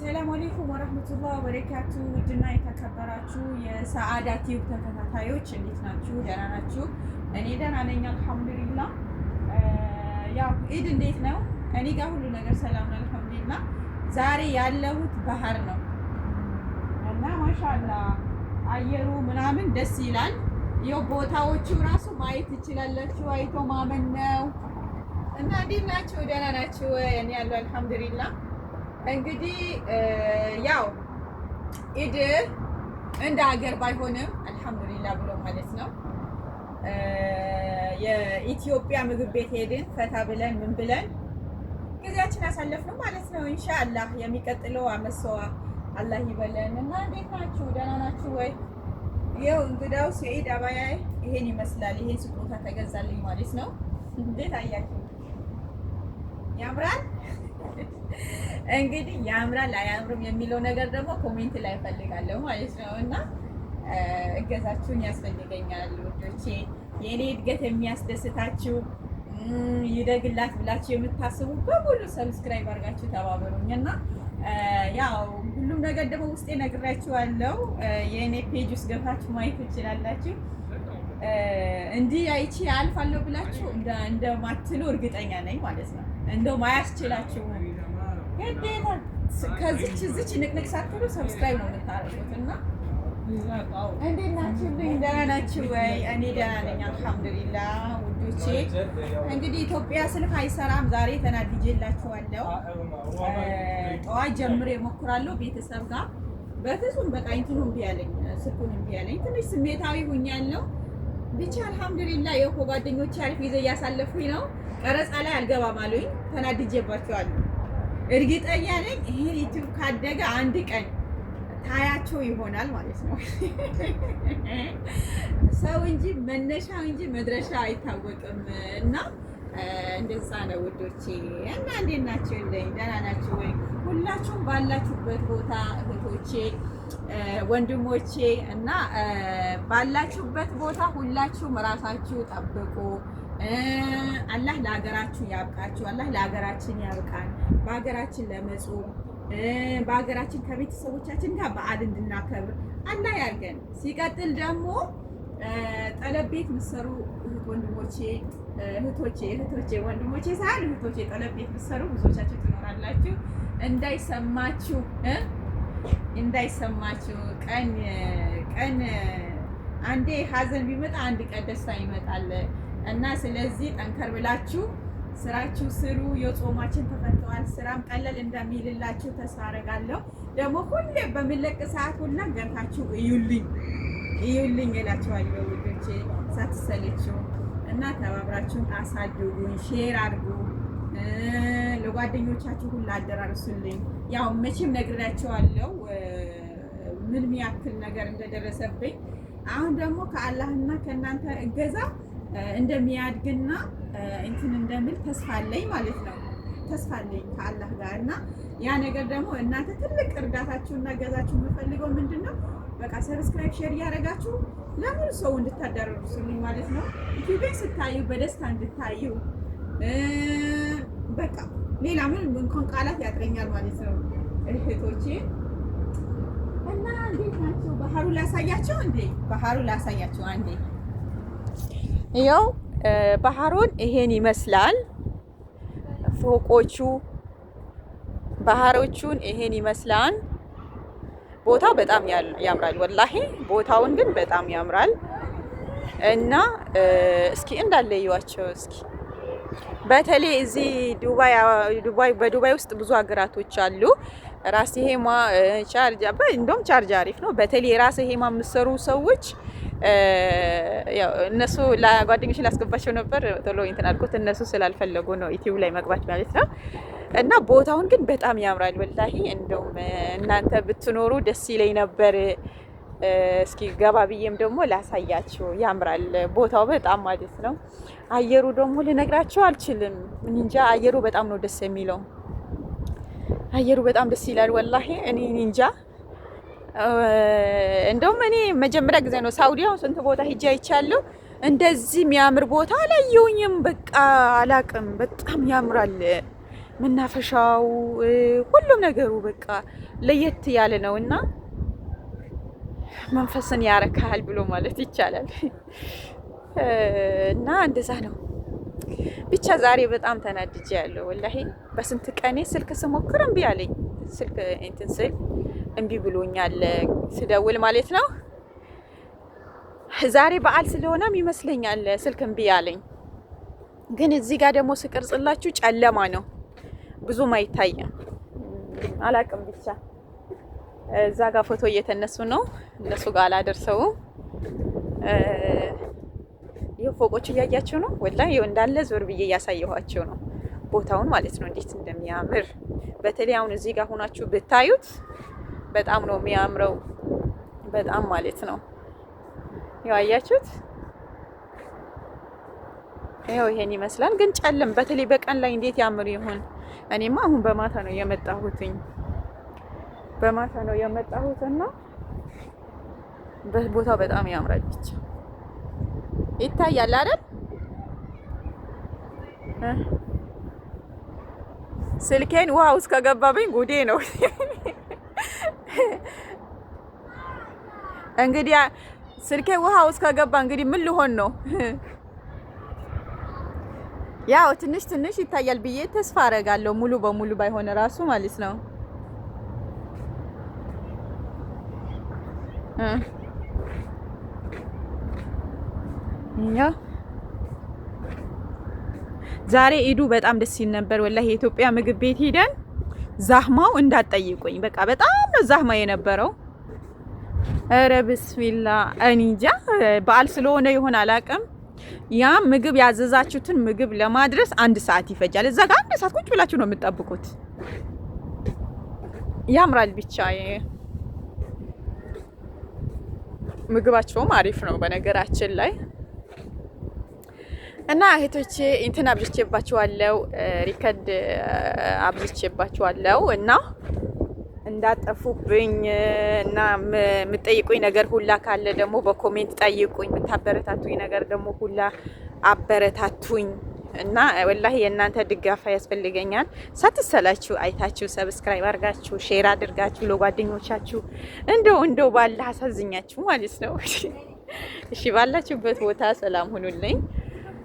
ሰላም አለይኩም ወረህመቱላህ ወበረካቱ። ውድና የተከበራችሁ የሰአዳ ቲዩብ ተከታታዮች እንዴት ናችሁ? ደህና ናችሁ? እኔ ደህና ነኝ አልሐምዱሊላ ያው ኢድ እንዴት ነው? እኔ ጋር ሁሉ ነገር ሰላም ነው አልሐምዱሊላህ። ዛሬ ያለሁት ባህር ነው እና ማሻላ አየሩ ምናምን ደስ ይላል። ይኸው ቦታዎቹ እራሱ ማየት ትችላላችሁ። አይቶ ማመን ነው እና እንዴት ናችሁ? ደህና ናችሁ? እኔ ያለው አልሐምዱሊላህ እንግዲህ ያው ኢድ እንደ ሀገር ባይሆንም አልሐምዱሊላ ብሎ ማለት ነው። የኢትዮጵያ ምግብ ቤት ሄድን ፈታ ብለን ምን ብለን ጊዜያችን አሳለፍነው ማለት ነው። ኢንሻአላህ የሚቀጥለው አመሰዋ አላህ ይበለን እና እንዴት ናችሁ? ደህና ናችሁ ወይ? ይኸው እንግዳው የኢድ አባያ ይሄን ይመስላል። ይሄን ስጦታ ተገዛልኝ ማለት ነው። እንዴት አያችሁ? ያምራል እንግዲህ ያምራል አያምርም የሚለው ነገር ደግሞ ኮሜንት ላይ ፈልጋለሁ ማለት ነው። እና እገዛችሁን ያስፈልገኛል ውዶቼ። የእኔ እድገት የሚያስደስታችሁ ይደግላት ብላችሁ የምታስቡ በሙሉ ሰብስክራይብ አድርጋችሁ ተባበሩኝ እና ያው ሁሉም ነገር ደግሞ ውስጤ ነግራችኋለሁ። የእኔ ፔጅ ውስጥ ገብታችሁ ማየት ትችላላችሁ። እንዲህ አይቺ አልፋለሁ ብላችሁ እንደማትሉ እርግጠኛ ነኝ ማለት ነው። እንደው ማያስችላችሁ ከዚች እዚች ንቅንቅ ሳትሉ ሰብስክራይብ ነው የምታደርጉት እና እንዴት ናችሁልኝ? ደህና ናችሁ ወይ? እኔ ደህና ነኝ ውዶቼ እንግዲህ ኢትዮጵያ ስልክ አይሰራም። ዛሬ ተናድጄላችኋለሁ። ጠዋት ጀምሬ እሞክራለሁ ቤተሰብ ጋር በፍጹም በቃ እንትኑ እምቢ አለኝ፣ ስልኩን እምቢ አለኝ። ትንሽ ስሜታዊ ሁኛለሁ። ብቻ አሪፍ ጊዜ እያሳለፉኝ ነው። ቀረጻ ላይ አልገባም አሉኝ። እርግጠኛ ነኝ ይሄን ዩቲዩብ ካደገ አንድ ቀን ታያቸው ይሆናል ማለት ነው። ሰው እንጂ መነሻው እንጂ መድረሻ አይታወቅም። እና እንደዛ ነው ውዶቼ። እና እንዴት ናቸው? እንደኝ ደህና ናቸው ወይ? ሁላችሁም ባላችሁበት ቦታ እህቶቼ፣ ወንድሞቼ እና ባላችሁበት ቦታ ሁላችሁም ራሳችሁ ጠብቁ። አላህ ለሀገራችሁ ያብቃችሁ። አላህ ለሀገራችን ያብቃን። በሀገራችን ለመጾም በሀገራችን ከቤተሰቦቻችን ጋር በዓል እንድናከብር አላህ ያድርገን። ሲቀጥል ደግሞ ጠለብ ቤት ምሰሩ ወንድሞቼ እህቶቼ እህቶቼ ወንድሞቼ ሳል እህቶቼ ጠለብ ቤት ምሰሩ ብዙዎቻችሁ ትኖራላችሁ። እንዳይሰማችሁ እንዳይሰማችሁ ቀን ቀን አንዴ ሀዘን ቢመጣ አንድ ቀን ደስታ ይመጣል። እና ስለዚህ ጠንከር ብላችሁ ስራችሁ ስሩ። የጾማችን ተፈተዋል ስራም ቀለል እንደሚልላችሁ ተስፋ አደርጋለሁ። ደግሞ ሁሌ በሚለቅ ሰዓት ሁላ ገብታችሁ እዩልኝ እዩልኝ እላችኋለሁ ውዶቼ፣ ሳትሰለችው እና ተባብራችሁን አሳድጉኝ፣ ሼር አድርጉ፣ ለጓደኞቻችሁ ሁላ አደራርሱልኝ። ያው መቼም ነግሬያቸዋለሁ ምን ያክል ነገር እንደደረሰብኝ። አሁን ደግሞ ከአላህና ከእናንተ እገዛ እንደሚያድግና እንትን እንደምል ተስፋ አለኝ ማለት ነው። ተስፋ አለኝ ከአላህ ጋር እና ያ ነገር ደግሞ እናንተ ትልቅ እርዳታችሁና ገዛችሁ የምፈልገው ምንድን ነው፣ በቃ ሰብስክራይብ፣ ሼር እያደረጋችሁ ለሙሉ ሰው እንድታዳረሱልኝ ማለት ነው። ኢትዮጵያ ስታዩ በደስታ እንድታዩ በቃ ሌላ ምን እንኳን ቃላት ያጥረኛል ማለት ነው። እህቶቼ እና እንዴት ናቸው? ባህሩ ላሳያቸው እንዴ፣ ባህሩ ላሳያቸው አንዴ ይኸው ባህሩን ይሄን ይመስላል። ፎቆቹ ባህሮቹን ይሄን ይመስላል። ቦታው በጣም ያምራል። ወላሂ ቦታውን ግን በጣም ያምራል እና እስኪ እንዳለ ይዋቸው እስኪ በተለይ እዚህ ዱባይ በዱባይ ውስጥ ብዙ ሀገራቶች አሉ። ራስ ሄማ ቻርጅ እንደውም ቻርጅ አሪፍ ነው። በተለይ ራስ ሄማ የምትሰሩ ሰዎች እነሱ ለጓደኞች ላስገባቸው ነበር ቶሎ እንትን አልኩት። እነሱ ስላልፈለጉ ነው ዩቲዩብ ላይ መግባት ማለት ነው። እና ቦታውን ግን በጣም ያምራል ወላሂ። እንደውም እናንተ ብትኖሩ ደስ ይለኝ ነበር። እስኪ ገባ ብዬም ደግሞ ላሳያችሁ። ያምራል ቦታው በጣም ማለት ነው። አየሩ ደግሞ ልነግራችሁ አልችልም። እንጃ አየሩ በጣም ነው ደስ የሚለው። አየሩ በጣም ደስ ይላል። ወላሂ እኔ እንጃ እንደውም እኔ መጀመሪያ ጊዜ ነው ሳውዲ። አሁን ስንት ቦታ ሂጄ አይቻለሁ፣ እንደዚህ የሚያምር ቦታ አላየሁኝም። በቃ አላቅም፣ በጣም ያምራል። መናፈሻው፣ ሁሉም ነገሩ በቃ ለየት ያለ ነው እና መንፈስን ያረካል ብሎ ማለት ይቻላል እና እንደዛ ነው። ብቻ ዛሬ በጣም ተናድጄ ያለው ወላሂ በስንት ቀኔ ስልክ ስሞክር እምቢ አለኝ። ስልክ እንትን ስል እምቢ ብሎኛል ስደውል ማለት ነው። ዛሬ በዓል ስለሆነም ይመስለኛል ስልክ እምቢ አለኝ። ግን እዚህ ጋር ደግሞ ስቀርጽላችሁ ጨለማ ነው፣ ብዙም አይታይም። አላቅም ብቻ እዛ ጋር ፎቶ እየተነሱ ነው፣ እነሱ ጋር አላደርሰውም። ይህ ፎቆቹ እያያቸው ነው። ወላ እንዳለ ዞር ብዬ እያሳየኋቸው ነው ቦታውን ማለት ነው እንዴት እንደሚያምር በተለይ አሁን እዚህ ጋር ሆናችሁ ብታዩት በጣም ነው የሚያምረው። በጣም ማለት ነው ያው አያችሁት፣ ይሄን ይመስላል። ግን ጨለም በተለይ በቀን ላይ እንዴት ያምር ይሆን? እኔማ አሁን በማታ ነው የመጣሁትኝ በማታ ነው የመጣሁትና በቦታው በጣም ያምራል ብቻ ይታያል አይደል? ስልኬን ውሃ ውስጥ ከገባብኝ ጉዴ ነው። እንግዲህ ስልኬ ውሃ ውስጥ ከገባ እንግዲህ ምን ልሆን ነው? ያው ትንሽ ትንሽ ይታያል ብዬ ተስፋ አደርጋለሁ። ሙሉ በሙሉ ባይሆን ራሱ ማለት ነው። ዛሬ ኢዱ በጣም ደስ ይል ነበር። ወላሂ የኢትዮጵያ ምግብ ቤት ሄደን ዛህማው እንዳትጠይቁኝ፣ በቃ በጣም ነው ዛህማ የነበረው። እረ ብስሚላ እንጃ በዓል ስለሆነ ይሆን አላውቅም። ያም ምግብ ያዘዛችሁትን ምግብ ለማድረስ አንድ ሰዓት ይፈጃል። እዛ ጋር አንድ ሰዓት ቁጭ ብላችሁ ነው የምትጠብቁት። ያምራል ብቻ። ምግባቸውም አሪፍ ነው በነገራችን ላይ እና እህቶቼ እንትን አብዝቼባችኋለሁ፣ ሪከርድ አብዝቼባችኋለሁ እና እንዳጠፉብኝ እና የምጠይቁኝ ነገር ሁላ ካለ ደግሞ በኮሜንት ጠይቁኝ። የምታበረታቱኝ ነገር ደግሞ ሁላ አበረታቱኝ እና ወላሂ የእናንተ ድጋፋ ያስፈልገኛል። ሳትሰላችሁ አይታችሁ ሰብስክራይብ አድርጋችሁ ሼር አድርጋችሁ ለጓደኞቻችሁ እንደው እንደው ባለ አሳዝኛችሁ ማለት ነው። እሺ ባላችሁበት ቦታ ሰላም ሁኑልኝ።